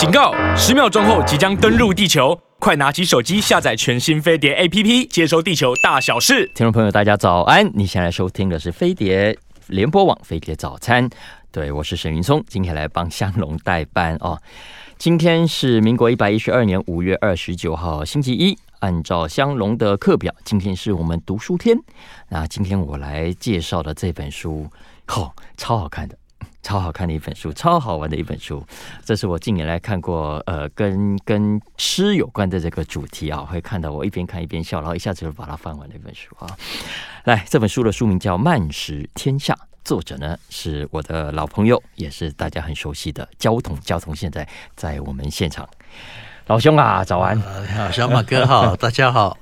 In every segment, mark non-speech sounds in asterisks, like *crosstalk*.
警告！十秒鐘後即將登陸地球，快拿起手機下載全新飛碟 APP，接收地球大小事。聽眾朋友，大家早安！你現在收聽的是飛碟聯播網《飛碟早餐》。對，對，我是沈雲驄，今天來幫湘龍代班哦。今天是民國一百一十二年五月二十九號，星期一。按照湘龍的課表，今天是我們讀書天。那今天我來介紹的這本書、好、哦，超好看的。超好看的一本書，超好玩的一本書，這是我近年來看過呃跟跟吃有關的這個主題啊，會看到我一邊看一邊笑，然後一下子就把它翻完的一本書啊。來，這本書的書名叫《慢食天下》，作者呢是我的老朋友，也是大家很熟悉的焦桐。焦桐現在在我們現場。老兄啊，早安！好，小馬哥好，大家好。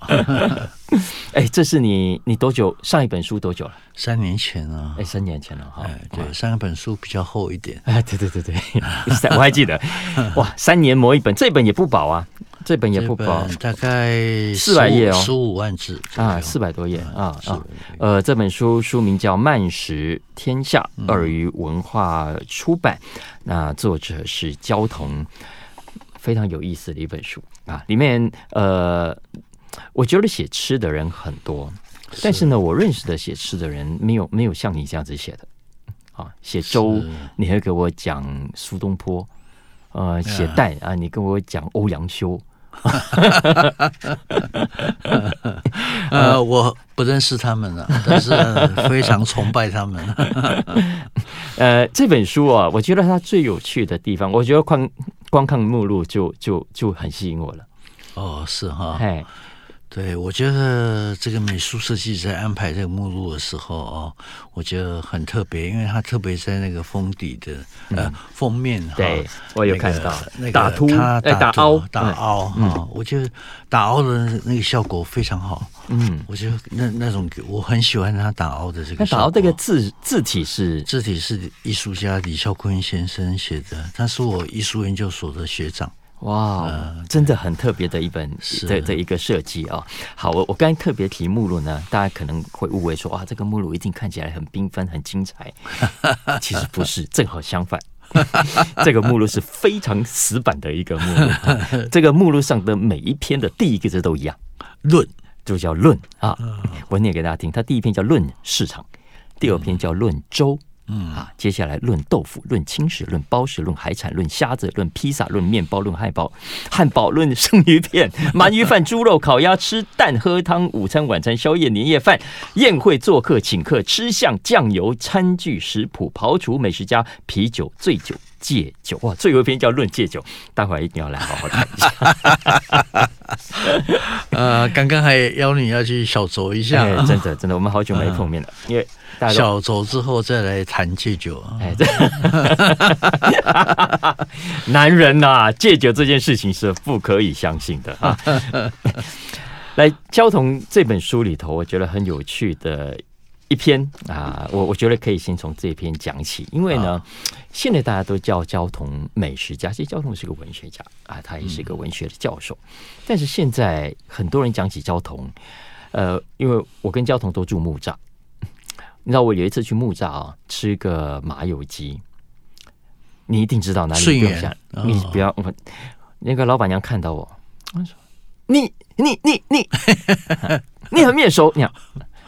哎，這是你，你多久上一本書多久了？三年前啊。哎，三年前了哈。對，上一本書比較厚一點。哎，對對對對，我還記得，哇，三年磨一本，這本也不薄啊，這本也不薄，大概四百頁哦，十五萬字啊，四百多頁啊呃，這本書書名叫《慢食天下》，二魚文化出版，那作者是焦桐。非常有意思的一本書啊！裡面呃，我覺得寫吃的人很多，但是呢，我認識的寫吃的人沒有沒有像你這樣子寫的啊。寫粥，是你還給我講蘇東坡，呃，寫蛋啊，你跟我講歐陽修， *laughs* *laughs* 呃，我不認識他們了，但是非常崇拜他們。 *laughs* 呃，這本書啊，我覺得它最有趣的地方，我覺得光看目錄就就就很吸引我了，哦，是哈，對，我覺得這個美術設計在安排這個目錄的時候哦，我覺得很特別，因為他特別在那個封底的、嗯、呃封面、哦，對我有看到那個打凸、欸，打凹，打凹啊，我覺得打凹的那個效果非常好。嗯，我覺得那那種我很喜歡他打凹的這個。那打凹這個字體字體是？字體是藝術家李孝坤先生寫的，他是我藝術研究所的學長。哇，wow, 真的很特別的一本的這，是這一個設計啊！好，我我剛才特別提目錄呢，大家可能會誤會說哇，這個目錄一定看起來很繽紛、很精彩。其實不是，正好相反， *laughs* 這個目錄是非常死板的一個目錄、 *laughs* 啊。這個目錄上的每一篇的第一個字都一樣，論 *laughs* 就叫論啊。嗯、我念給大家聽，它第一篇叫《論市場》，第二篇叫《論周》。嗯啊，接下來論豆腐，論青石，論包石，論海產，論蝦子，論披薩，論麵包，論漢堡，漢堡論生魚片，鰻魚飯，豬肉烤鴨，吃蛋喝湯，午餐晚餐宵夜年夜飯，宴會做客請客，吃相醬油餐具食譜，刨除美食家，啤酒醉酒。戒酒哇，最後一篇叫《論戒酒》，待會兒一定要來好好談一下。 *laughs* 呃，剛剛還邀你要去小酌一下，欸、真的真的，我們好久沒碰面了。呃、因為小酌之後再來談戒酒，哎、欸， *laughs* *laughs* 男人吶、啊，戒酒這件事情是不可以相信的啊。 *laughs* 來，焦桐這本書裡頭，我覺得很有趣的一篇啊，我我覺得可以先從這一篇講起，因為呢，現在大家都叫焦桐美食家，其實焦桐是個文學家啊，他也是一個文學的教授。嗯、但是現在很多人講起焦桐，呃，因為我跟焦桐都住木柵，你知道我有一次去木柵啊，哦，吃個麻油雞，你一定知道哪裡。言不要想，你不要，哦，我。那個老闆娘看到我，她說，你你你你、 *laughs* 啊，你很面熟，你，啊，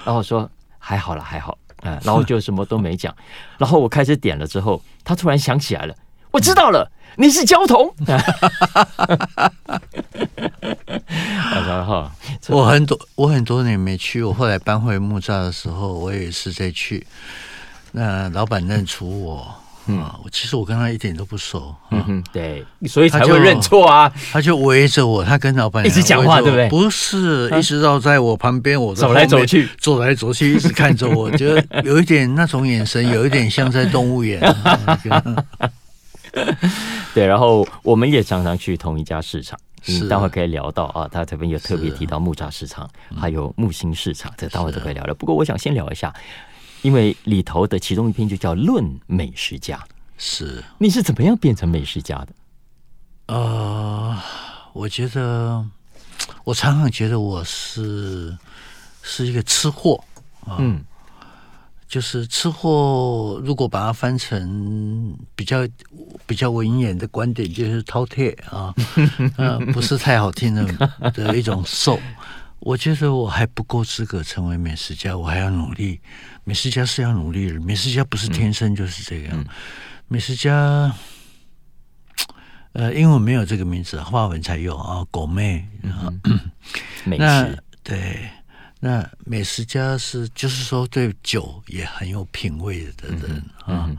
然後說。還好了，還好、嗯，然後就什麼都沒講，是然後我開始點了之後，他突然想起來了，嗯、我知道了，你是焦桐， *laughs* 我很多我很多年沒去。我後來搬回木柵的時候，我也是在去，那老闆認出我。其實我跟他一點都不熟，嗯哼，對，所以他就認錯啊。他就圍着我，他跟老闆娘一直講話，對不對？不是，一直繞在我旁邊，我走來走去，走來走去，一直看着我，覺得有一點那種眼神，有一點像在動物園。對，然後我們也常常去同一家市場，是，待會可以聊到啊。他這邊有特別提到木柵市場，還有木星市場，這待會就可以聊聊。不過我想先聊一下。因為裡頭的其中一篇就叫《論美食家》，是你是怎麼樣變成美食家的？啊、呃，我覺得，我常常覺得我是是一個吃貨啊，嗯、就是吃貨。如果把它翻成比較比較文言的觀點，就是饕餮啊， *laughs* 啊，不是太好聽的，的一種獸、so,。 *laughs* 我覺得我還不夠資格成為美食家，我還要努力。美食家是要努力的，美食家不是天生就是這樣。嗯嗯、美食家，呃，英文沒有這個名字，華文才有啊。狗妹，啊嗯、美食那對，那美食家是就是說對酒也很有品味的人啊。啊，嗯嗯、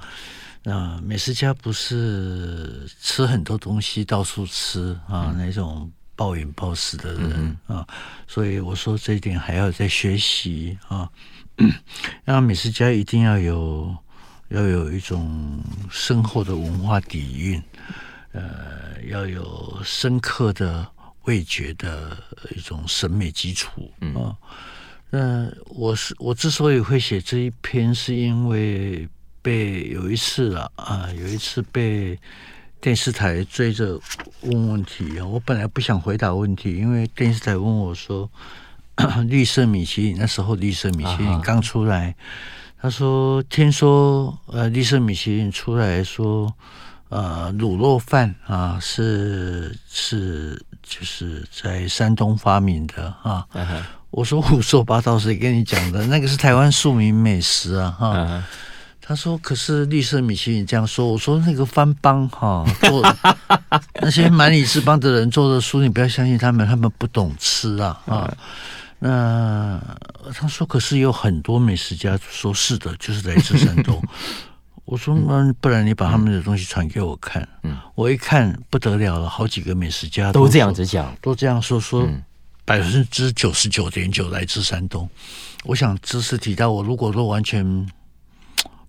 那美食家不是吃很多東西到處吃啊那種。暴飲暴食的人、嗯、啊，所以我說這一點還要再學習啊。那、嗯啊、美食家一定要有，要有一種深厚的文化底蘊，呃，要有深刻的味覺的一種審美基礎啊。那、嗯、我是我之所以會寫這一篇，是因為被有一次啊，啊有一次被電視台追着問問題啊！我本來不想回答問題，因為電視台問我說：“綠色米其林那時候，綠色米其林剛出來。啊哈”他說：“聽說，呃，綠色米其林出來說，呃，滷肉飯啊，是是就是在山東發明的啊。啊哈”我說：“胡說八道，誰跟你講的？那個是台灣庶民美食啊！”啊啊哈。他說：“可是綠色米其林這樣說。”我說：“那個番邦哈，做 *laughs* 那些蠻夷之邦的人做的書，你不要相信他們，他們不懂吃啊！”啊、哦，那他說：“可是有很多美食家說是的，就是來自山東。” *laughs* 我說：“那不然你把他們的東西傳給我看。嗯”嗯，我一看不得了了，好幾個美食家都，都這樣子講，都這樣說說百分之九十九點九來自山東。我想知識提到我，如果說完全。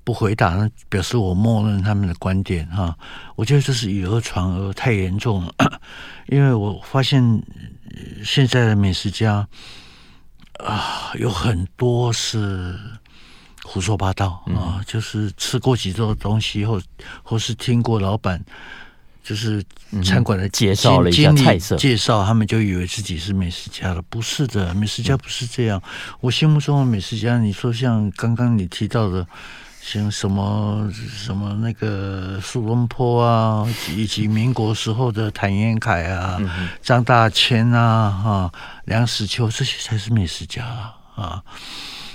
不回答，呢，表示我默認他們的觀點哈。我覺得這是以訛傳訛太嚴重了，因為我發現現在的美食家啊，有很多是胡說八道、嗯、啊，就是吃過幾桌東西，或或是聽過老板就是餐館的經、嗯、介紹了一下菜色，介紹他們就以為自己是美食家了。不是的，美食家不是這樣。嗯、我心目中的美食家，你說像剛剛你提到的。像什麼什麼那個蘇東坡啊，以及民國時候的譚延闓啊、張、嗯、哼大千啊、哈、啊、梁實秋這些才是美食家啊，啊！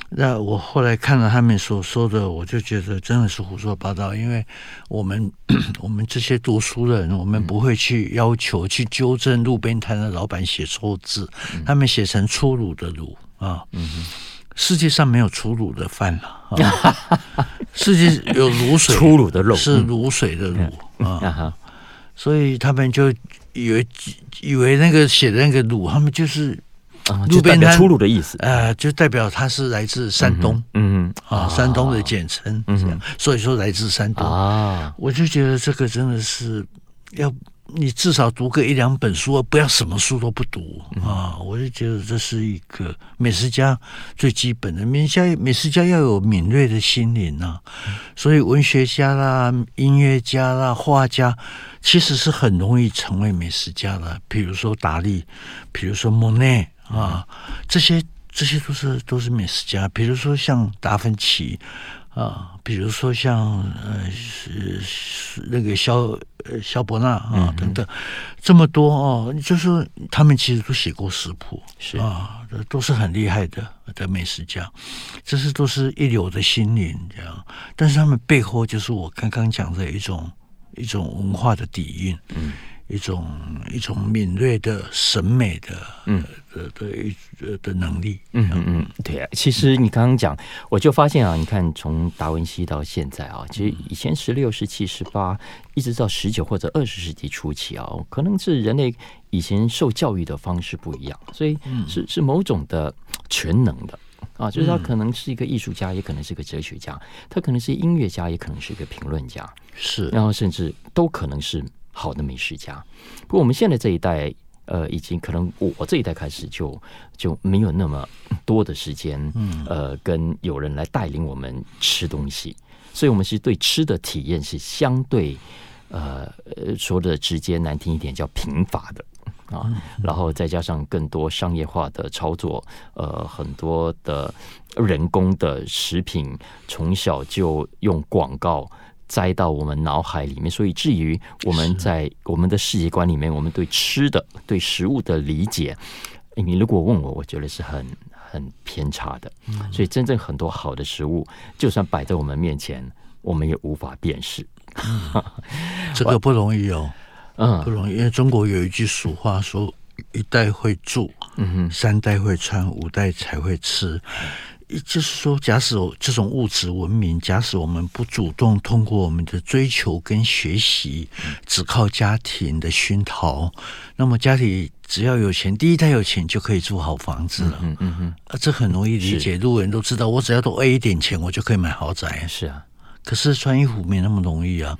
那我後來看到他們所說的，我就覺得真的是胡說八道。因為我們、嗯、哼我們這些讀書人，我們不會去要求去糾正路邊攤的老板寫錯字，嗯、哼他們寫成“粗魯”的“魯”啊。嗯哼世界上沒有粗魯的飯了，哦、 *laughs* 世界有滷水，水，粗魯 *laughs* 的肉是滷水的滷啊，所以他們就以為以為那個寫的那個滷，他們就是路邊攤粗魯的意思啊、呃，就代表他是來自山東，嗯嗯啊、哦，山東的簡稱、嗯、哼所以說來自山東啊，嗯、哼我就覺得這個真的是要。你至少讀個一兩本書，不要什麼書都不讀啊！我就覺得這是一個美食家最基本的，面向美食家要有敏銳的心靈吶、啊。所以文學家啦、音樂家啦、畫家，其實是很容易成為美食家的。比如說達利，比如說莫奈啊，這些這些都是都是美食家。比如說像達芬奇。啊，比如說像呃是那個肖肖伯納啊等等，這麼多哦，就是他們其實都寫過食譜，是啊，都是很厲害的的美食家，這些都是一流的心靈這樣，但是他們背後就是我剛剛講的一種一種文化的底蘊。嗯。一種一種敏銳的審美的，嗯，的的一的能力，嗯嗯嗯，對啊。其實你剛剛講，我就發現啊，你看從達文西到現在啊，其實以前十六十七十八一直到十九或者二十世紀初期啊，可能是人類以前受教育的方式不一樣，所以是、嗯、是某種的全能的啊，就是他可能是一個藝術家，也可能是一個哲學家，他可能是音樂家，也可能是一個評論家，是，然後甚至都可能是。好的美食家，不過我們現在這一代，呃，已經可能我這一代開始就就沒有那麼多的時間，嗯，呃，跟有人來帶領我們吃東西，所以我們是對吃的體驗是相對，呃，說的直接難聽一點叫貧乏的啊，然後再加上更多商業化的操作，呃，很多的人工的食品，從小就用廣告，栽到我們腦海裡面，所以至於我們在我們的世界觀裡面，我們對吃的、對食物的理解，你如果問我，我覺得是很很偏差的。所以真正很多好的食物，就算擺在我們面前，我們也無法辨識。 *laughs* 這個不容易哦，嗯，不容易。因為中國有一句俗話說，說一代會住，嗯，三代會穿，五代才會吃。就是說，假使我這種物質文明，假使我們不主動通過我們的追求跟學習，只靠家庭的熏陶，那麼家裡只要有錢，第一代有錢就可以住好房子了。嗯嗯，這很容易理解，路人都知道，我只要多 A 一點錢，我就可以買豪宅。是啊，可是穿衣服沒那麼容易啊，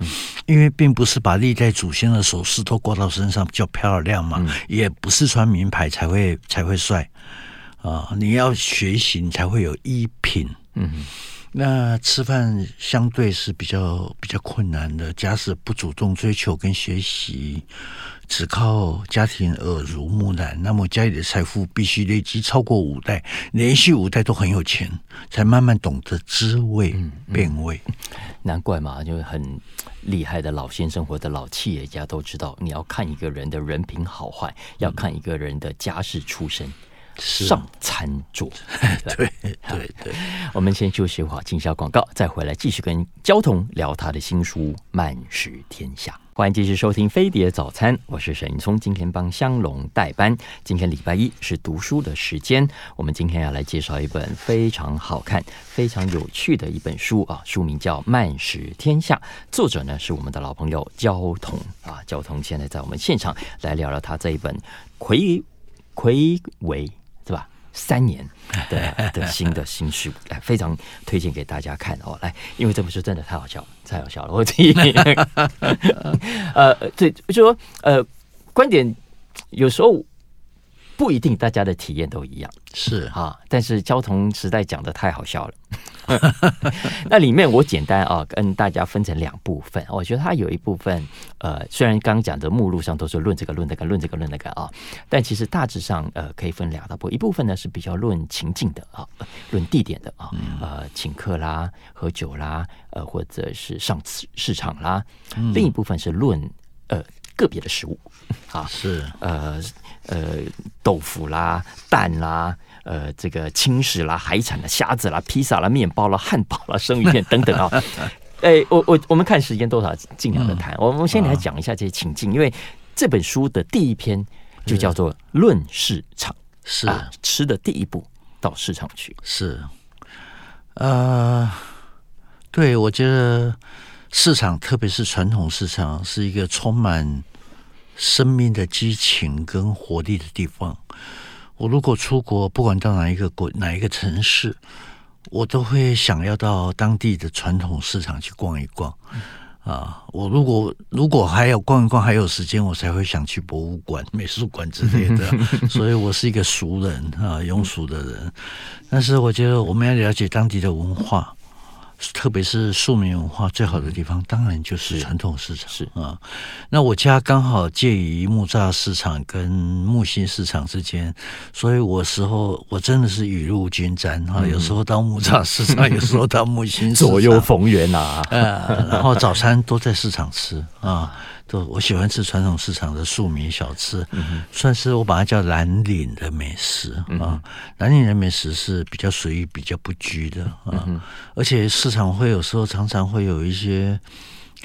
因為並不是把歷代祖先的首飾都掛到身上比較漂亮嘛，也不是穿名牌才會才會帥。啊、哦，你要學習，你才會有衣品。嗯哼，那吃飯相對是比較比較困難的。假使不主動追求跟學習，只靠家庭耳濡目染。那麼家裡的財富必須累積超過五代，連續五代都很有錢，才慢慢懂得滋味變味嗯嗯。難怪嘛，就是很厲害的老先生或者老企業家都知道，你要看一個人的人品好壞，要看一個人的家世出身。上餐桌，啊、對對吧對，我們先休息一會兒，進下廣告，再回來繼續跟焦桐聊他的新書《慢食天下》。歡迎繼續收聽《飛碟早餐》，我是沈聰，今天幫香龍代班。今天禮拜一是讀書的時間，我們今天要來介紹一本非常好看、非常有趣的一本書啊，書名叫《慢食天下》，作者呢是我們的老朋友焦桐啊。焦桐現在在我們現場來聊聊他這一本魁魁偉。魁是吧？三年的 *laughs* 的,的新的新書，來非常推薦給大家看哦，來，因為這部書真的太好笑，太好笑了，我這一 *laughs* *laughs* *laughs* 呃，對，就是說呃，觀點有時候。不一定大家的體驗都一樣，是啊，但是焦桐實在講得太好笑了。 *laughs* 那裡面我簡單啊，跟大家分成兩部分。我覺得它有一部分，呃，雖然剛講的目錄上都是論這個、論那個、論這個、論那個啊，但其實大致上呃可以分兩大部分。一部分呢是比較論情境的啊，論地點的啊，呃，請客啦、喝酒啦，呃，或者是上市市場啦。另一部分是論呃。個別的食物啊，是呃呃，豆腐啦、蛋啦、呃這個青食啦、海產的蝦子啦、披薩啦、麵包啦、漢堡啦、生魚片等等啊、哦。哎、 *laughs* 欸，我我我們看時間多少，盡量的談。嗯、我們先來講一下這些，情境，啊、因為這本書的第一篇就叫做《論市場》是，是啊，吃的第一步到市場去是。啊、呃，對我覺得。市場，特別是傳統市場，是一個充滿生命的激情跟活力的地方。我如果出國，不管到哪一個國、哪一個城市，我都會想要到當地的傳統市場去逛一逛。啊，我如果如果還有逛一逛，還有時間，我才會想去博物館、美術館之類的。所以我是一個俗人啊，庸俗的人。但是我覺得，我們要了解當地的文化。特別是庶民文化最好的地方，當然就是傳統市場。是，是啊，那我家剛好介於木柵市場跟木心市場之間，所以我時候我真的是雨露均沾哈、啊。有時候到木柵市場，嗯、有時候到木心， *laughs* 左右逢源啊，啊。然後早餐都在市場吃啊。都，我喜歡吃傳統市場的庶民小吃，嗯、哼算是我把它叫藍領的美食，嗯、哼啊。藍領的美食是比較隨意、比較不拘的啊，嗯、哼而且市場會有時候常常會有一些。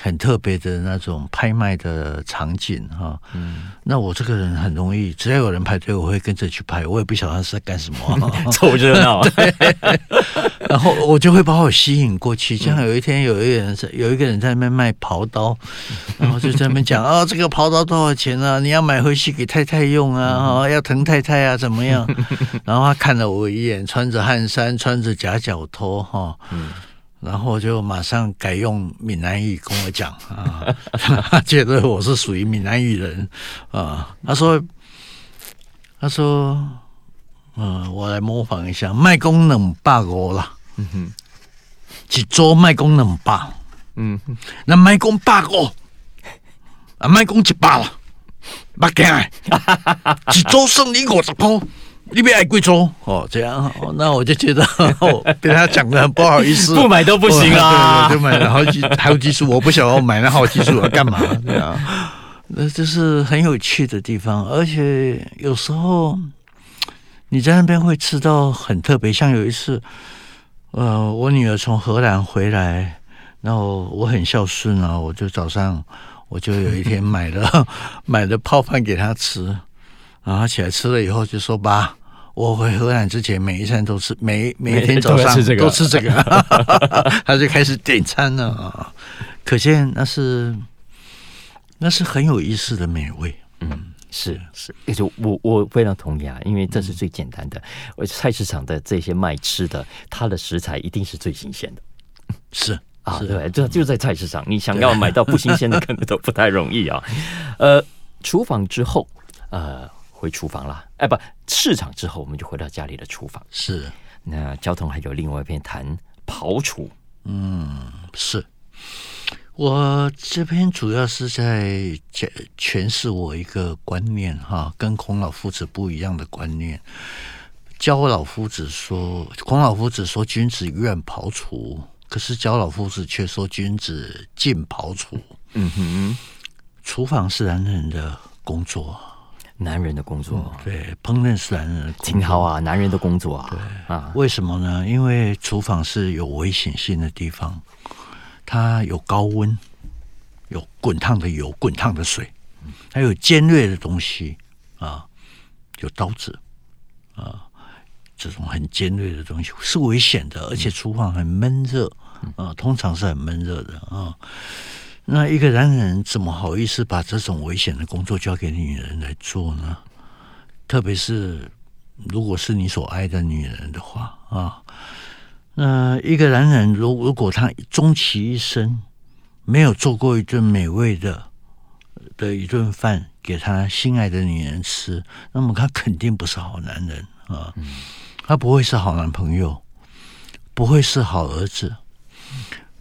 很特別的那種拍賣的場景哈，嗯，那我這個人很容易，只要有人排隊，我會跟着去拍。我也不曉得他是在幹什麼、啊，湊熱鬧。 *laughs* 對，然後我就會把我吸引過去。這樣有一天，有一個人在，有一個人在那邊賣刨刀，然後就在外面講啊：“這個刨刀多少錢啊？你要買回去給太太用啊，嗯哦、要疼太太啊，怎麼樣？”然後他看了我一眼，穿着汗衫，穿着夾腳拖，哈、哦，嗯。然後就馬上改用閩南語跟我講 *laughs* 啊，覺得我是屬於閩南語人啊。他說，他說，嗯、啊，我來模仿一下，賣功能霸我啦，嗯哼，幾桌賣功能霸，嗯哼，那賣功霸我，啊賣功幾霸了，八驚，幾桌算你五十鋪。 *laughs* 你還貴州哦，這樣，哦，那我就覺得被、哦、 *laughs* 他講的很不好意思， *laughs* 不買都不行啊！我就買了好幾好幾束，我不想要買那好幾束要幹嘛？對啊，那就是很有趣的地方，而且有時候你在那邊會吃到很特別，像有一次，呃，我女兒從荷蘭回來，然後我很孝順啊，我就早上我就有一天買了 *laughs* 買了泡飯給她吃，然後起來吃了以後就說爸。我回荷蘭之前，每一餐都吃，每每天早上都吃這個， *laughs* 他就開始點餐了，哦。可見那是那是很有意思的美味。嗯，是是，也就我我非常同意啊，因為這是最簡單的。我、嗯、菜市場的這些賣吃的，它的食材一定是最新鮮的。是，是啊，對，就就在菜市場，嗯，你想要買到不新鮮的，可能都不太容易啊。 *laughs* 呃，廚房之後，呃。回廚房了，哎，不，市場之後我們就回到家裡的廚房。是，那焦桐還有另外一篇談庖廚。嗯，是我這邊主要是在詮釋我一個觀念哈，跟孔老夫子不一樣的觀念。焦老夫子說，孔老夫子說，君子遠庖廚，可是焦老夫子卻說，君子敬庖廚。嗯哼，廚房是男人的工作。男人的工作。嗯，對，烹飪是男人的工作挺好啊！男人的工作啊！對啊，為什麼呢？因為廚房是有危險性的地方，它有高溫，有滾燙的油、滾燙的水，還有尖銳的東西啊，有刀子啊，這種很尖銳的東西是危險的，而且廚房很悶熱啊，通常是很悶熱的啊。那一個男人怎麼好意思把這種危險的工作交給女人來做呢？特別是如果是你所愛的女人的話啊，那一個男人如果如果，他終其一生沒有做過一頓美味的的一頓飯給他心愛的女人吃，那麼他肯定不是好男人啊。嗯，他不會是好男朋友，不會是好兒子，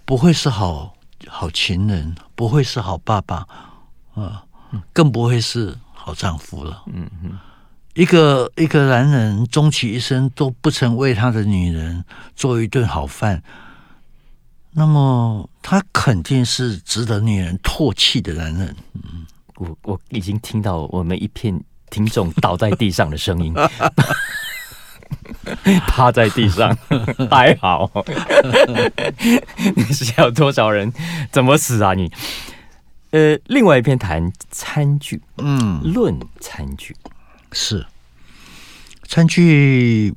不會是好。好情人，不會是好爸爸，呃，更不會是好丈夫了。嗯嗯，一個一個男人終其一生都不曾為他的女人做一頓好飯，那麼他肯定是值得女人唾棄的男人。我我已經聽到我們一片聽眾倒在地上的聲音。 *laughs* *laughs* 趴在地上，還好， *laughs* 你是要多少人？怎麼死啊你？呃，另外一篇談餐具，嗯，論餐具是餐具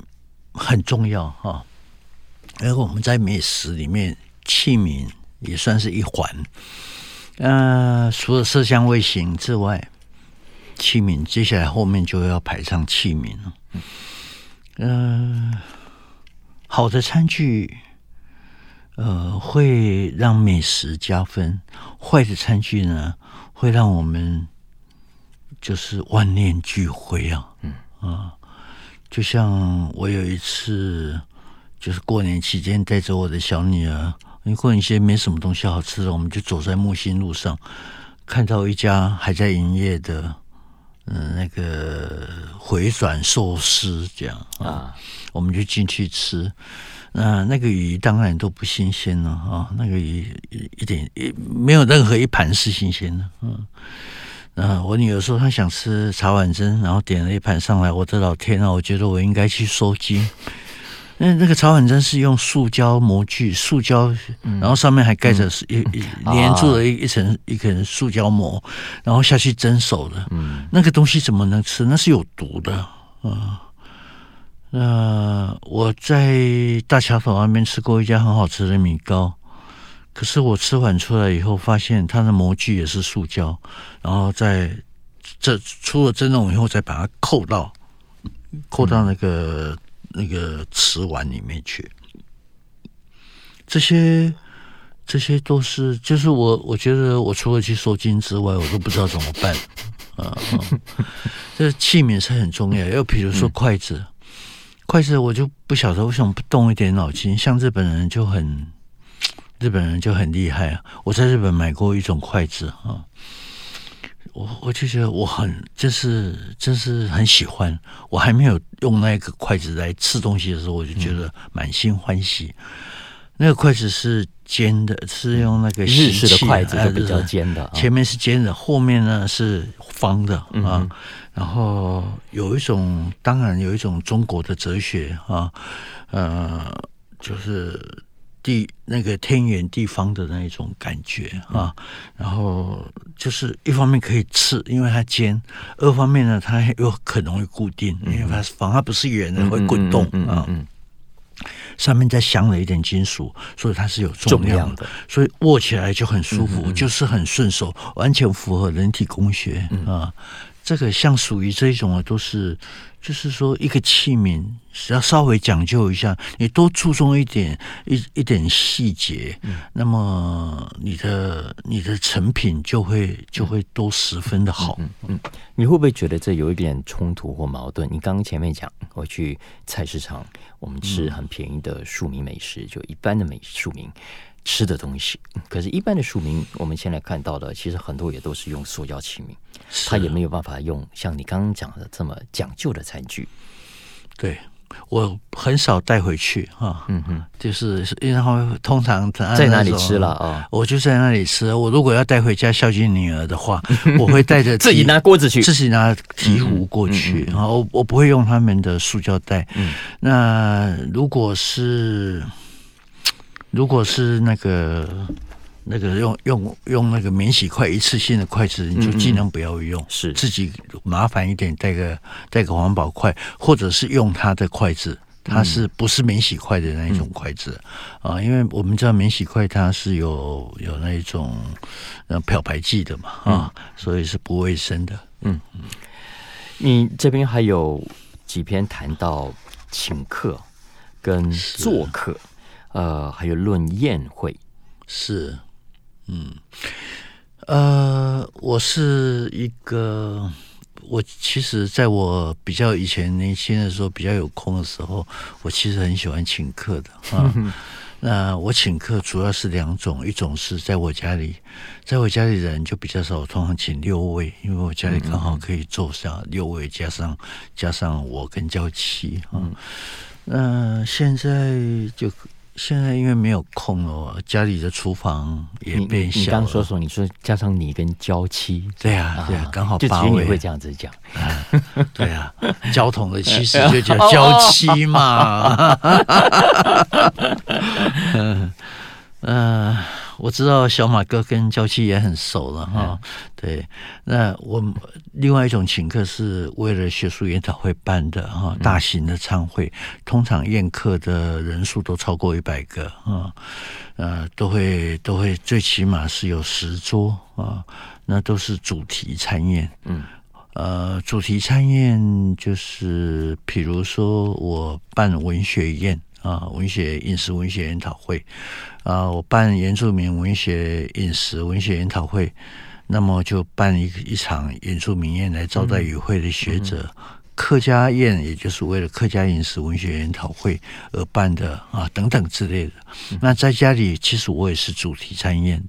很重要哈。而我們在美食裡面，器皿，也算是一環。呃，除了色香味型之外，器皿接下來後面就要排上器皿了。嗯嗯、呃，好的餐具，呃，會讓美食加分；壞的餐具呢，會讓我們就是萬念俱灰啊。嗯啊、呃，就像我有一次，就是過年期間，帶着我的小女兒，因為過年期間沒什麼東西好吃的，我們就走在木星路上，看到一家還在營業的。嗯，那個迴轉壽司這樣啊，我們就進去吃。那那個魚當然都不新鮮了啊，那個魚一點也沒有任何一盤是新鮮的。嗯，啊，我女兒說她想吃茶碗蒸，然後點了一盤上來，我的老天啊，我覺得我應該去收驚。那那個炒粉蒸是用塑膠模具、塑膠，嗯、然後上面還蓋着、嗯、一粘住了一層、啊、一層一層塑膠膜，然後下去蒸熟的。嗯，那個東西怎麼能吃？那是有毒的。啊、呃，那我在大橋頭那邊吃過一家很好吃的米糕，可是我吃完出來以後，發現它的模具也是塑膠，然後在這出了蒸籠以後，再把它扣到扣到那個。嗯那個瓷碗裡面去，這些這些都是就是我我覺得我除了去收金之外，我都不知道怎麼辦啊。啊 *laughs* 這器皿是很重要，又比如說筷子，嗯、筷子我就不曉得為什麼不動一點腦筋，像日本人就很，日本人就很厲害啊。我在日本買過一種筷子哈、啊我我就覺得我很就是就是很喜歡。我還沒有用那個筷子來吃東西的時候，我就覺得滿心歡喜。那個筷子是尖的，是用那個日式的筷子，是比較尖的。啊就是、前面是尖的，後面呢是方的、嗯、哼啊。然後有一種，當然有一種中國的哲學啊，呃，就是。地那個天圓地方的那一種感覺啊，然後就是一方面可以刺，因為它尖；二方面呢，它有可能會固定，因為它反而不是圓的，會滾動啊。上面再鑲了一點金屬，所以它是有重量的，所以握起來就很舒服，就是很順手，完全符合人體工學啊。這個像屬於這一種啊，都是。就是說，一個器皿只要稍微講究一下，你多注重一點一一點細節，嗯、那麼你的你的成品就會就會都十分的好。嗯嗯，你會不會覺得這有一點衝突或矛盾？你剛剛前面講我去菜市場，我們吃很便宜的庶民美食，嗯、就一般的美食庶民。吃的東西，可是，一般的庶民我們現在看到的，其實很多也都是用塑膠器皿，是他也沒有辦法用像你剛剛講的這麼講究的餐具。對，我很少帶回去哈，哦、嗯哼，就是然後通常在，那在哪裡吃了啊？我就在那裡吃。我如果要帶回家孝敬女兒的話， *laughs* 我會帶着自己拿鍋子去，自己拿提壺過去。然後我不會用他們的塑膠袋。嗯、那如果是。如果是那個那個用用用那個免洗筷一次性的筷子，你就盡量不要用，嗯嗯、是自己麻煩一點帶個帶個環保筷，或者是用它的筷子，它是不是免洗筷的那一種筷子，嗯、啊。因為我們知道免洗筷它是有有那一種漂白劑的嘛啊，嗯、所以是不衛生的。嗯嗯，你這邊還有幾篇談到請客跟做客，呃，還有論宴會是，嗯，呃，我是一個，我其實在我比較以前年輕的時候，比較有空的時候，我其實很喜歡請客的啊。嗯、 *laughs* 那我請客主要是兩種，一種是在我家裡，在我家裡人就比較少，通常請六位，因為我家裡剛好可以坐下六位，加上加上我跟嬌妻，嗯，嗯，嗯，那現在就。現在因為沒有空了，家裡的廚房也變小了。你剛說的說，你說加上你跟嬌妻。對呀、啊啊、對呀、啊，剛好就只有你會、會這樣子講、啊。對啊， *laughs* 焦桐的其實就叫嬌妻嘛。 *laughs* *laughs* *laughs* 嗯。啊我知道小馬哥跟焦桐也很熟了哈，嗯、對。那我另外一種請客是為了學術研討會辦的哈，大型的餐會，嗯、通常宴客的人數都超過一百個啊，呃，都會都會最起碼是有十桌啊、呃，那都是主題餐宴。嗯，呃，主題餐宴就是，比如說我辦文學宴。啊，文學飲食文學研討會啊，我辦原住民文學飲食文學研討會，那麼就辦一一場原住民宴來招待與會的學者。嗯嗯、客家宴也就是為了客家飲食文學研討會而辦的啊，等等之類的。嗯、那在家裡，其實我也是主題餐宴，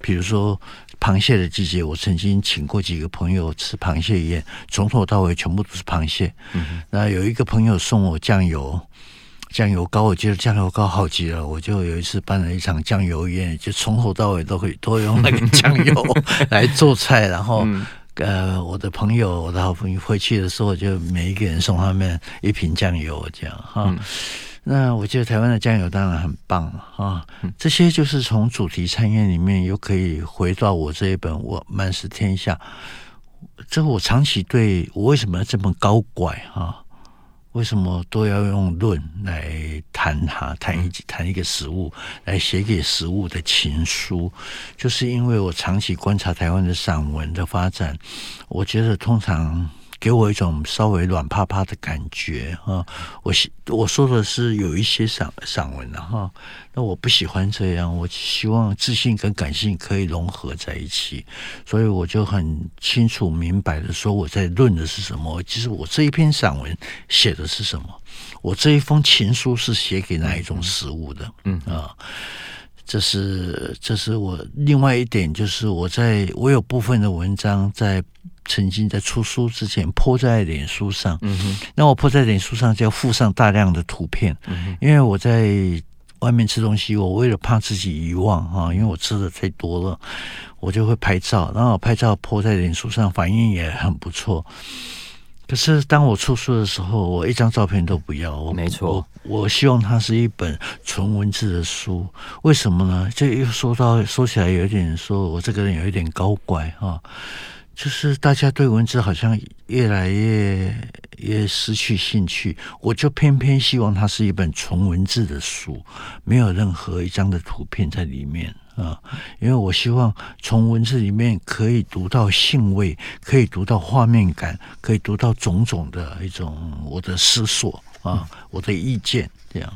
比如說螃蟹的季節，我曾經請過幾個朋友吃螃蟹宴，從頭到尾全部都是螃蟹。嗯、那有一個朋友送我醬油。醬油膏，我記得醬油膏好極了。我就有一次辦了一場醬油宴，就從頭到尾都可以都用那個醬油 *laughs* 來做菜。然後，呃，我的朋友，我的好朋友回去的時候，就每一個人送他們一瓶醬油這樣哈。嗯、那我記得台灣的醬油當然很棒了哈，這些就是從主題餐宴裡面，又可以回到我這一本我慢食天下。這我長期對我為什麼要這麼搞怪哈。為什麼都要用“論”來談它，談一談一個食物，來寫給食物的情書，就是因為我長期觀察台灣的散文的發展，我覺得通常，給我一種稍微軟趴趴的感覺哈、啊，我我說的是有一些散散文了，啊、哈，那、啊、我不喜歡這樣，我希望智性跟感性可以融合在一起，所以我就很清楚明白的說我在論的是什麼，其實我這一篇散文寫的是什麼，我這一封情書是寫給哪一種食物的，嗯啊，這是這是我另外一點，就是我在我有部分的文章在。曾經在出書之前，潑在臉書上。嗯哼，那我潑在臉書上就要附上大量的圖片。嗯哼，因為我在外面吃東西，我為了怕自己遺忘啊，因為我吃的太多了，我就會拍照，然後我拍照潑在臉書上，反應也很不錯。可是當我出書的時候，我一張照片都不要。我沒錯我，我希望它是一本純文字的書。為什麼呢？這又說到說起來，有一點說我這個人有一點古怪啊。就是大家對文字好像越來越越失去興趣，我就偏偏希望它是一本純文字的書，沒有任何一張的圖片在裡面啊，因為我希望從文字裡面可以讀到興味，可以讀到畫面感，可以讀到種種的一種我的思索啊，我的意見這樣。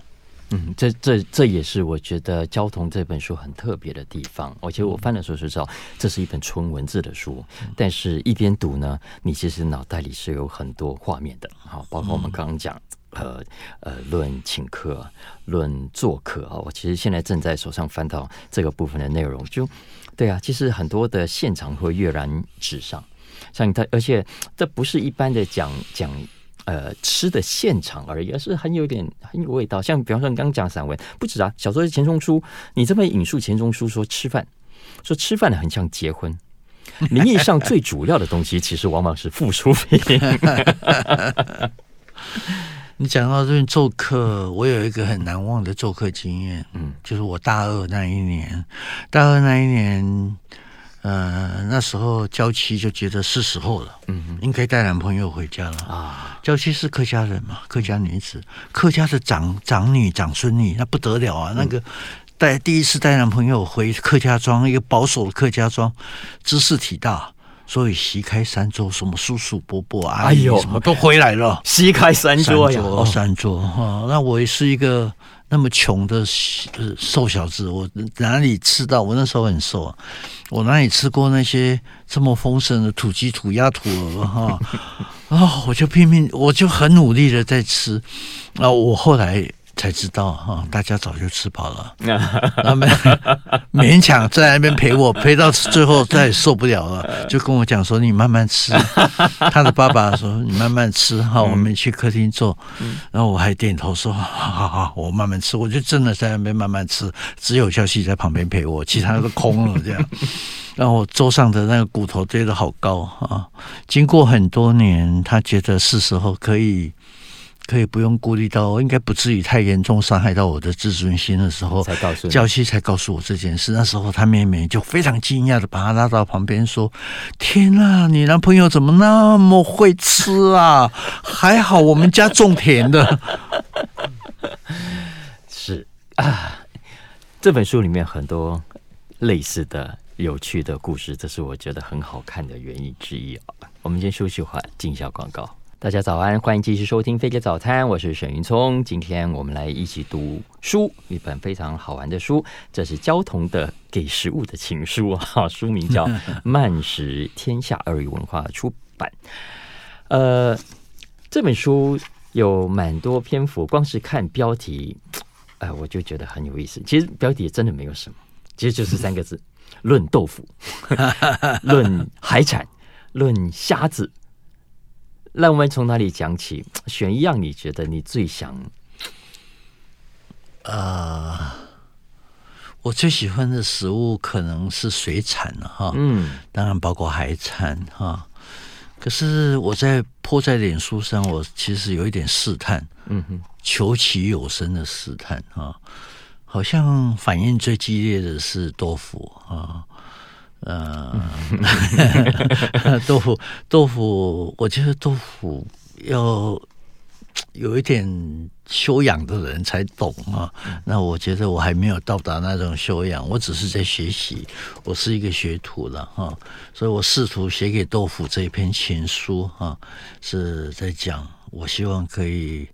嗯，這這這也是我覺得《焦桐》這本書很特別的地方。而、哦、且我翻的時候就是知道，這是一本純文字的書，嗯、但是一邊讀呢，你其實腦袋裡是有很多畫面的。好、哦，包括我們剛剛講，呃呃，論請客，論做客。哦，我其實現在正在手上翻到這個部分的內容，就對啊，其實很多的現場會躍然紙上，像他，而且這不是一般的講講，呃，吃的現場而已，而是很有點很有味道。像比方說，你剛剛講散文不止啊，小說是錢鍾書。你這麼引述錢鍾書說：“吃飯，說吃飯很像結婚。名義上最主要的東西，其實往往是附屬品。 *laughs* ” *laughs* 你講到這邊做客，我有一個很難忘的做客經驗。嗯，就是我大二那一年，大二那一年。呃，那時候嬌妻就覺得是時候了，嗯哼，應該帶男朋友回家了啊。嬌妻是客家人嘛，客家女子，客家的長長女、長孫女，那不得了啊！嗯、那個帶第一次帶男朋友回客家莊，一個保守的客家莊，茲事體大，所以席開三桌，什麼叔叔、伯伯、哎呦，什麼都回來了，席開三桌呀、啊，三桌哈，那我也是一個。那麼窮的瘦小子，我哪裡吃到？我那時候很瘦啊，我哪裡吃過那些這麼豐盛的土雞、土鴨、土鵝哈？啊，我就拼命，我就很努力的在吃啊，哦，我後來。才知道哈，大家早就吃飽了， *laughs* 他們勉強在那邊陪我，陪到最後再也受不了了，就跟我講說：“你慢慢吃。”他的爸爸說：“你慢慢吃哈，我們去客廳坐。嗯”然後我還點頭說：“好好好，我慢慢吃。”我就真的在那邊慢慢吃，只有小溪在旁邊陪我，其他都空了這樣。然後桌上的那個骨頭堆得好高啊！經過很多年，他覺得是時候可以。可以不用顧慮到，應該不至於太嚴重傷害到我的自尊心的時候，嬌妻才告訴我這件事。那時候，他妹妹就非常驚訝的把他拉到旁邊說：“天哪，你男朋友怎麼那麼會吃啊？還好我們家種田的。” *laughs* *laughs* 是啊，這本書裡面很多類似的有趣的故事，這是我覺得很好看的原因之一啊。我們先休息會，進一下廣告。大家早安，歡迎繼續收聽《飛碟早餐》，我是沈雲驄。今天我們來一起讀書，一本非常好玩的書，這是焦桐的《給食物的情書》哈，書名叫《慢食天下》，二魚文化出版。呃，這本書有蠻多篇幅，光是看標題，哎、呃，我就覺得很有意思。其實標題也真的沒有什麼，其實就是三個字： *laughs* 論豆腐、論海產、論蝦子。那我們從哪裡講起？選一樣你覺得你最想啊、呃？我最喜歡的食物可能是水產了哈，嗯，當然包括海產哈、啊。可是我在潑在臉書上，我其實有一點試探，嗯哼，求其有聲的試探啊，好像反應最激烈的是豆腐啊。嗯， *laughs* *laughs* 豆腐，豆腐，我覺得豆腐要有一點修養的人才懂啊。那我覺得我還沒有到達那種修養，我只是在學習，我是一個學徒了哈。所以我試圖寫給豆腐這一篇情書啊，是在講，我希望可以。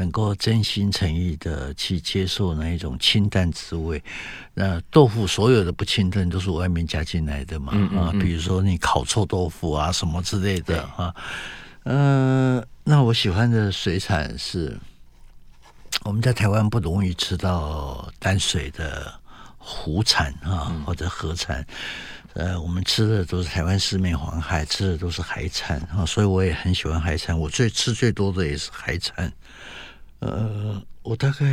能夠真心誠意的去接受那一種清淡滋味，那豆腐所有的不清淡都是外面加進來的嘛啊，嗯嗯嗯比如說你烤臭豆腐啊什麼之類的啊，嗯對、呃，那我喜歡的水產是我們在台灣不容易吃到淡水的湖產啊或者河產，嗯、呃，我們吃的都是台灣四面環海，吃的都是海產啊，所以我也很喜歡海產，我最吃最多的也是海產。呃，我大概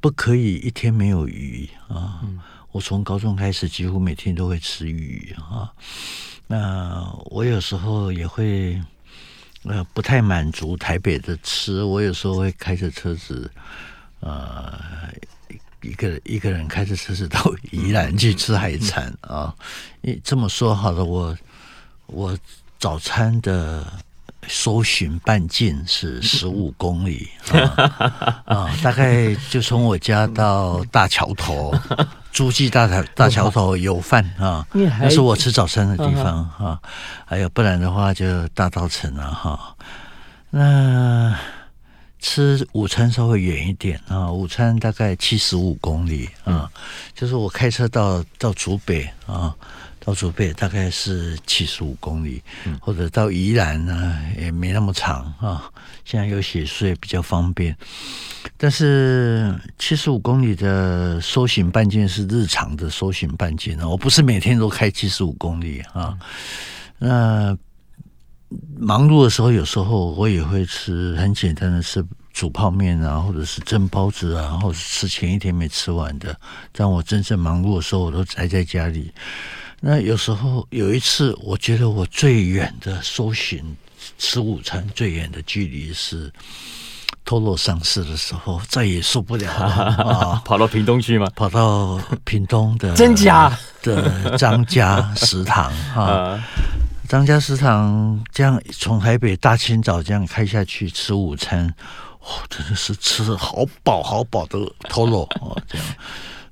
不可以一天沒有魚啊。我從高中開始，幾乎每天都會吃魚啊。那我有時候也會，呃，不太滿足台北的吃。我有時候會開着車子，呃、啊，一個一個人開着車子到宜蘭去吃海產 *laughs* 啊。一這麼說好了，我我早餐的。搜尋半徑是十五公里啊，啊，大概就從我家到大橋頭，諸暨大橋大橋頭有飯啊，那是我吃早餐的地方啊。還、哎、有，不然的話就大稻埕了哈、啊。那吃午餐稍微遠一點啊，午餐大概七十五公里啊，就是我開車到到竹北啊。到祖北大概是七十五公里，或者到宜蘭呢也沒那麼長啊、哦。現在有雪隧也比較方便，但是七十五公里的搜尋半徑是日常的搜尋半徑啊。我不是每天都開七十五公里啊、哦。那忙碌的時候，有時候我也會吃很簡單的，是煮泡麵啊，或者是蒸包子啊，或者是吃前一天沒吃完的。但我真正忙碌的時候，我都宅在家裡。那有時候有一次，我覺得我最遠的搜尋吃午餐最遠的距離是，托羅上市的時候，再也受不了了啊！啊跑到屏東去嗎？跑到屏東的張家假、啊、的張家食堂啊！張、啊、家食堂這樣從台北大清早這樣開下去吃午餐，哦、真的是吃好飽好飽的托羅啊！這樣。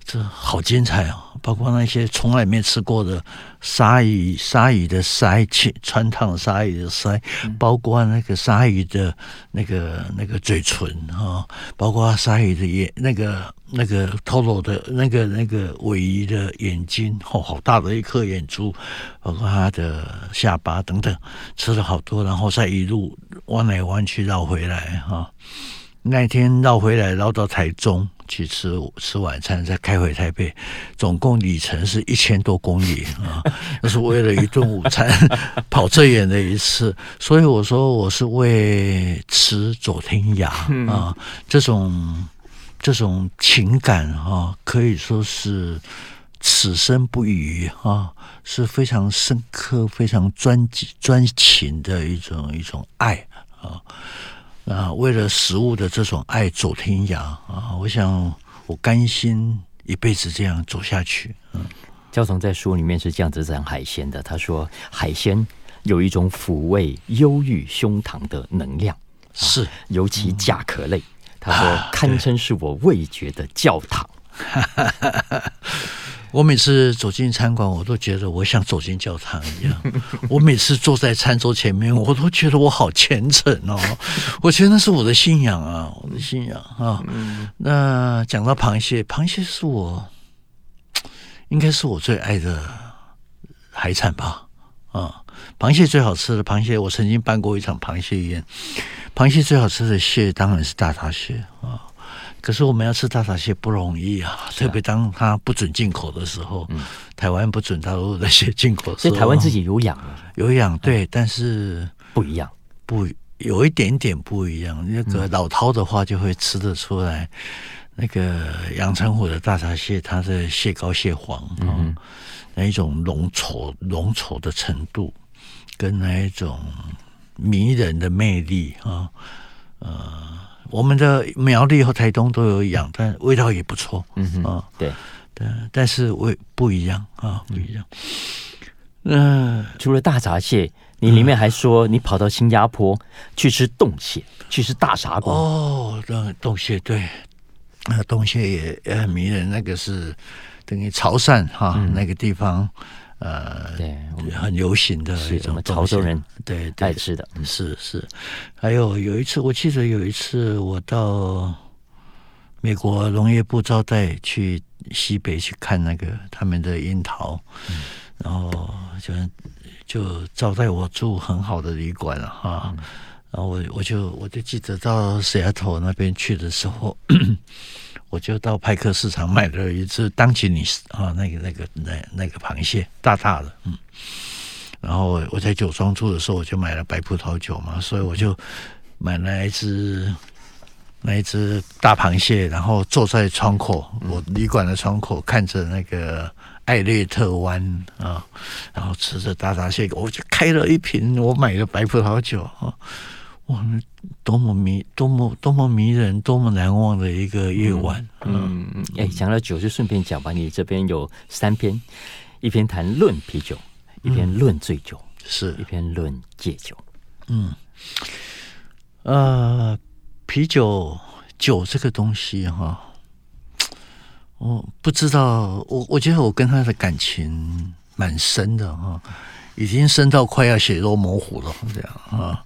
這好精彩哦！包括那些從來沒吃過的鯊魚，鯊魚的鰓，切穿燙鯊魚的鰓，包括那個鯊魚的那個那個嘴唇哈、哦，包括鯊魚的眼，那個那個拖羅的，那個那個鮪魚的眼睛，好、哦，好大的一顆眼珠，包括它的下巴等等，吃了好多，然後再一路彎來彎去繞回來哈、哦，那天繞回來繞到台中。去吃吃晚餐，再開回台北，總共里程是一千多公里啊！那 *laughs* 是為了一頓午餐跑最遠的一次，所以我說我是為吃走天涯啊！這種這種情感啊，可以說是此生不渝啊，是非常深刻、非常專專情的一種一種愛啊。啊，為了食物的這種愛，走天涯啊！我想，我甘心一輩子這樣走下去。嗯，焦桐在書裡面是這樣子講海鮮的，他說海鮮有一種撫慰憂鬱胸膛的能量，是、啊、尤其甲殼類，他說堪稱是我味覺的教堂。啊 *laughs* 我每次走進餐館，我都覺得我像走進教堂一樣。我每次坐在餐桌前面，我都覺得我好虔誠哦。我覺得那是我的信仰啊，我的信仰啊。那講到螃蟹，螃蟹是我應該是我最愛的海產吧？啊，螃蟹最好吃的螃蟹，我曾經辦過一場螃蟹宴。螃蟹最好吃的蟹當然是大閘蟹。可是我們要吃大閘蟹不容易啊，是啊，特別當它不准進口的時候，嗯、台灣不准大陸的蟹進口的時候，所以台灣自己有養啊有，有養，對，嗯、但是不一樣不，不有一點點不一樣。那個老饕的話就會吃得出來，嗯、那個陽澄湖的大閘蟹，它的蟹膏蟹黃啊、嗯嗯哦，那一種濃稠濃稠的程度，跟那一種迷人的魅力啊、哦，呃。我們的苗栗和台東都有養，但味道也不錯。嗯哼，啊，對，對，但是味不一樣啊，不一樣。那、呃、除了大閘蟹，你裡面還說你跑到新加坡、呃、去吃凍蟹，去吃大閘蟹哦，那凍蟹對，那個凍蟹也也很迷人。那個是等於潮汕哈、啊嗯、那個地方。呃，對，很流行的，一種是潮州人的對，對對，是的，嗯，是是，還有有一次我記得有一次我到美國農業部招待去西北去看那個他們的櫻桃，嗯，然後就就招待我住很好的旅館了哈，然後，嗯啊、我我就我就記得到西雅圖那邊去的時候。 *coughs* 我就到派克市場買了一隻當吉尼斯啊、哦，那個那個那那個螃蟹，大大的，嗯。然後我在酒莊住的時候，我就買了白葡萄酒嘛，所以我就買了一隻，買一隻大螃蟹，然後坐在窗口，我旅館的窗口看着那個艾略特灣啊、哦，然後吃着大閘蟹，我就開了一瓶我買的白葡萄酒哦。哇，多麼迷，多麼多麼迷人，多麼難忘的一個夜晚。嗯，哎、嗯，講、嗯欸、到酒就順便講吧，嗯、你這邊有三篇，一篇談論啤酒，嗯、一篇論醉酒，是一篇論戒酒。嗯，呃，啤酒酒這個東西哈，我不知道，我我覺得我跟他的感情蠻深的哈。已經深到快要血肉模糊了，這樣啊，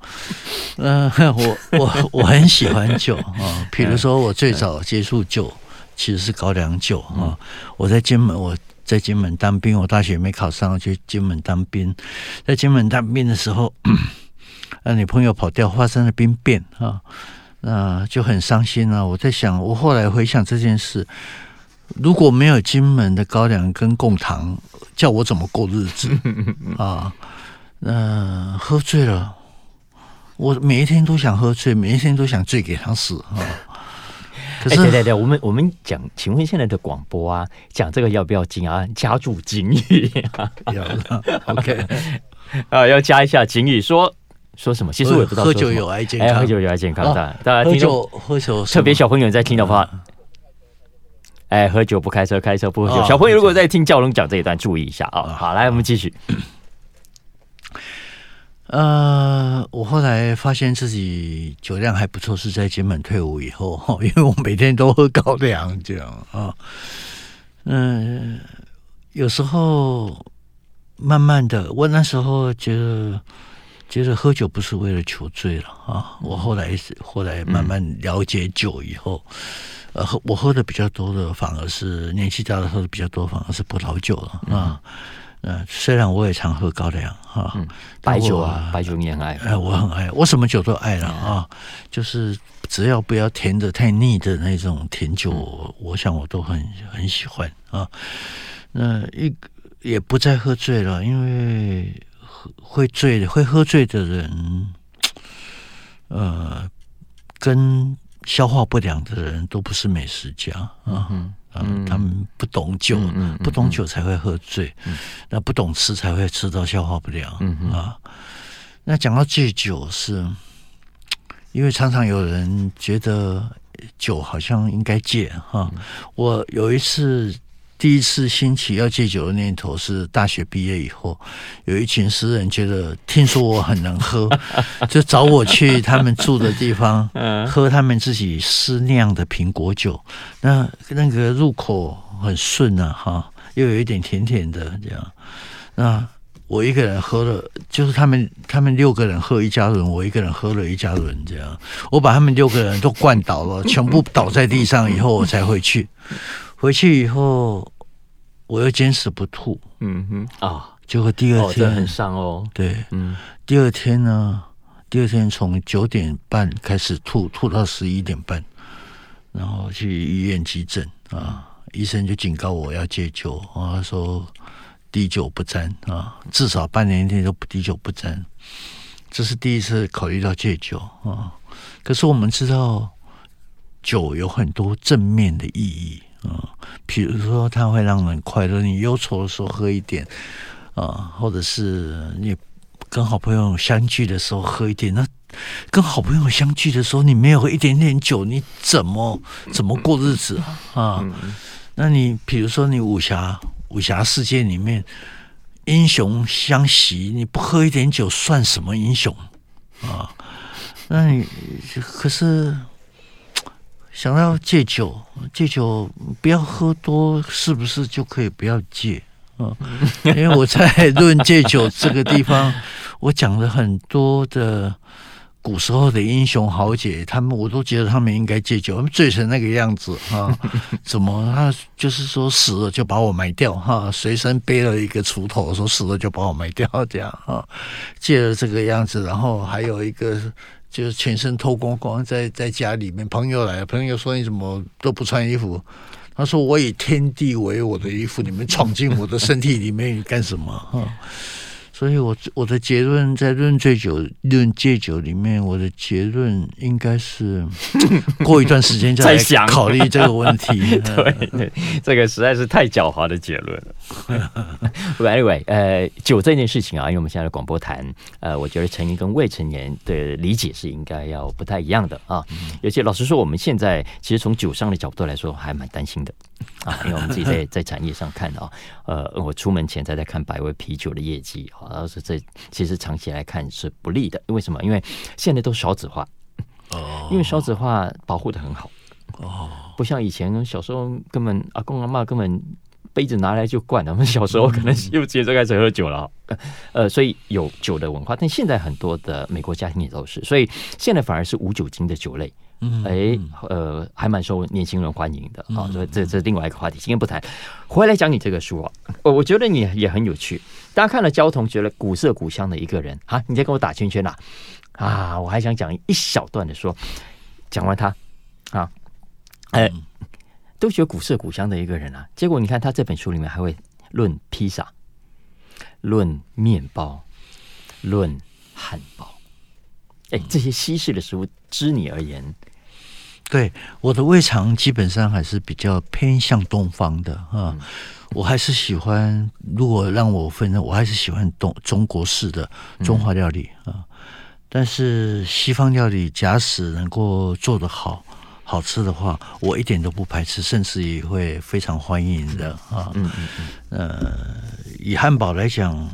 嗯、哦呃，我我我很喜歡酒啊，哦，譬如說我最早接觸酒其實是高粱酒啊，哦，我在金門我在金門當兵，我大學沒考上，我去金門當兵，在金門當兵的時候，啊、呃、女朋友跑掉，發生了兵變啊，那、哦呃、就很傷心啊，我在想，我後來回想這件事，如果沒有金門的高粱跟貢糖，叫我怎麼過日子？ *laughs* 啊？那、呃、喝醉了，我每一天都想喝醉，每一天都想醉給他死啊！可是，欸，對對對，我們我們講，請問現在的廣播啊，講這個要不要緊啊？加注警語了，OK 啊，要加一下警語，說說什麼？其實我也不知道說喝，哎呃，喝酒有礙健康，喝酒有礙健康。大家聽，聽酒，喝酒，特別小朋友在聽的話。嗯哎，喝酒不開車，開車不喝酒。哦、小朋友如果在聽教龍講這一段，注意一下啊。好，來我們繼續。呃，我後來發現自己酒量還不錯，是在金門退伍以後，因為我每天都喝高粱酒啊。嗯、哦呃，有時候慢慢的，我那時候就。其實喝酒不是為了求醉了啊！我後來是後來慢慢了解酒以後，嗯、呃，喝我喝的比較多的反而是年紀大的喝的比較多，反而是葡萄酒了啊。嗯啊，雖然我也常喝高粱啊，白、嗯、酒啊，白我酒你也愛。哎、呃，我很愛，我什麼酒都愛了、嗯、啊。就是只要不要甜的太膩的那種甜酒，嗯、我想我都很很喜歡啊。那一也不再喝醉了，因為。會醉的，會喝醉的人，呃，跟消化不良的人都不是美食家，嗯、哼啊，嗯、哼他們不懂酒，嗯、哼不懂酒才會喝醉，那、嗯、哼不懂吃才會吃到消化不良，嗯、哼啊。那講到戒酒是，是因為常常有人覺得酒好像應該戒哈、啊。我有一次。第一次興起要戒酒的念頭是大學畢業以後，有一群詩人覺得聽說我很能喝， *laughs* 就找我去他們住的地方，嗯，喝他們自己私釀的蘋果酒。那那個入口很順啊，哈，又有一點甜甜的，這樣。那我一個人喝了，就是他們他們六個人喝一加侖，我一個人喝了一加侖。這樣，我把他們六個人都灌倒了，全部倒在地上以後，我才回去。回去以後，我又堅持不吐，嗯哼啊，哦、結果第二天很傷哦。哦對，嗯，第二天呢，第二天從九點半開始吐，吐到十一點半，然後去醫院急診啊，醫生就警告我要戒酒啊，他說滴酒不沾啊，至少半年一天都滴酒不沾。這是第一次考慮到戒酒啊，可是我們知道酒有很多正面的意義。嗯，比如說，它會讓人快樂。你憂愁的時候喝一點，啊，或者是你跟好朋友相聚的時候喝一點。那跟好朋友相聚的時候，你沒有一點點酒，你怎麼怎麼過日子啊？那你比如說，你武俠武俠世界裡面，英雄相惜，你不喝一點酒，算什麼英雄啊？那你可是。想要戒酒，戒酒不要喝多，是不是就可以不要戒？啊、哦，因為我在論戒酒這個地方， *laughs* 我講了很多的古時候的英雄豪傑，他們我都覺得他們應該戒酒，他們醉成那個樣子啊、哦！怎麼他就是說死了就把我埋掉哈、哦？隨身背了一個鋤頭，說死了就把我埋掉這樣啊、哦？戒了這個樣子，然後還有一個。就是全身脫光光，在在家裡面，朋友來，朋友說你怎麼都不穿衣服？他說：“我以天地為我的衣服，你們闖進我的身體裡面，幹什麼？”哈。所以我，我我的結論在論醉酒、論戒酒裡面，我的結論應該是過一段時間再想考慮這個問題。 *laughs* 再講 *laughs* 對。對，這個實在是太狡猾的結論了。 *laughs* anyway，呃，酒這件事情啊，因為我們現在的廣播談，呃，我覺得成年跟未成年的理解是應該要不太一樣的啊。嗯、尤其老實說，我們現在其實從酒商的角度來說，還蠻擔心的。 *laughs* 啊，因為我們自己在在產業上看啊，哦，呃，我出門前在在看百威啤酒的業績，好像是這其實長期來看是不利的，因為什麼？因為現在都少子化，哦，因為少子化保護得很好，哦，不像以前小時候根本阿公阿媽根本杯子拿來就灌，我們小時候可能又接着開始喝酒了，呃，所以有酒的文化，但現在很多的美國家庭也都是，所以現在反而是無酒精的酒類。嗯，哎、欸，呃，還蠻受年輕人歡迎的啊、哦。所以這這是另外一個話題，今天不談。回來講你這個書啊，我我覺得你也很有趣。大家看了焦桐，覺得古色古香的一個人啊。你在跟我打圈圈啦、啊，啊，我還想講一小段的說，講完他啊，哎、欸，都覺得古色古香的一個人啊。結果你看他這本書裡面還會論披薩，論麵包，論漢堡，哎、欸，這些西式的食物，知你而言。對我的胃腸基本上還是比較偏向東方的啊，我還是喜歡。如果讓我分，我還是喜歡東中國式的中華料理啊。但是西方料理，假使能夠做得好，好吃的話，我一點都不排斥，甚至也會非常歡迎的啊。嗯，嗯，嗯呃，以漢堡來講，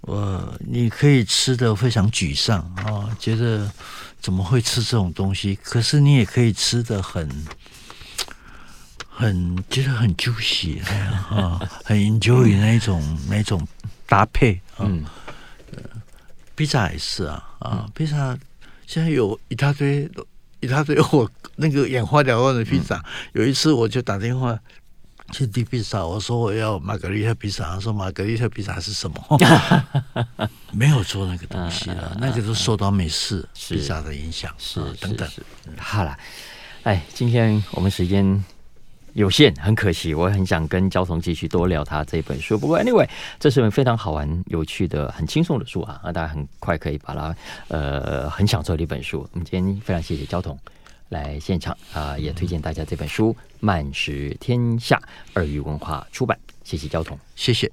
呃，你可以吃得非常沮喪啊，覺得。怎麼會吃這種東西？可是你也可以吃的很，很就是很 juicy 啊， *laughs* 啊，很 enjoy 那一種、嗯、那一種搭配、啊、嗯披薩也是啊啊，披薩、嗯、現在有一大堆一大堆我那個眼花繚亂的披薩、嗯。有一次我就打電話。去提比薩，pizza, 我說，我要瑪格麗特披薩，他說瑪格麗特披薩是什麼？ *laughs* 沒有做那個東西了，啊， *laughs* 嗯嗯嗯、那就是受到美式披薩是的影響，是、呃、是等等。是好了，哎，今天我們時間有限，很可惜，我很想跟焦桐繼續多聊他這本書，不過 Anyway，這是一本非常好玩、有趣的、很輕鬆的書啊，讓大家很快可以把它呃很享受的一本書。我們今天非常謝謝焦桐。來現場啊、呃，也推薦大家這本書《慢食天下》，二魚文化出版。謝謝焦桐，謝謝。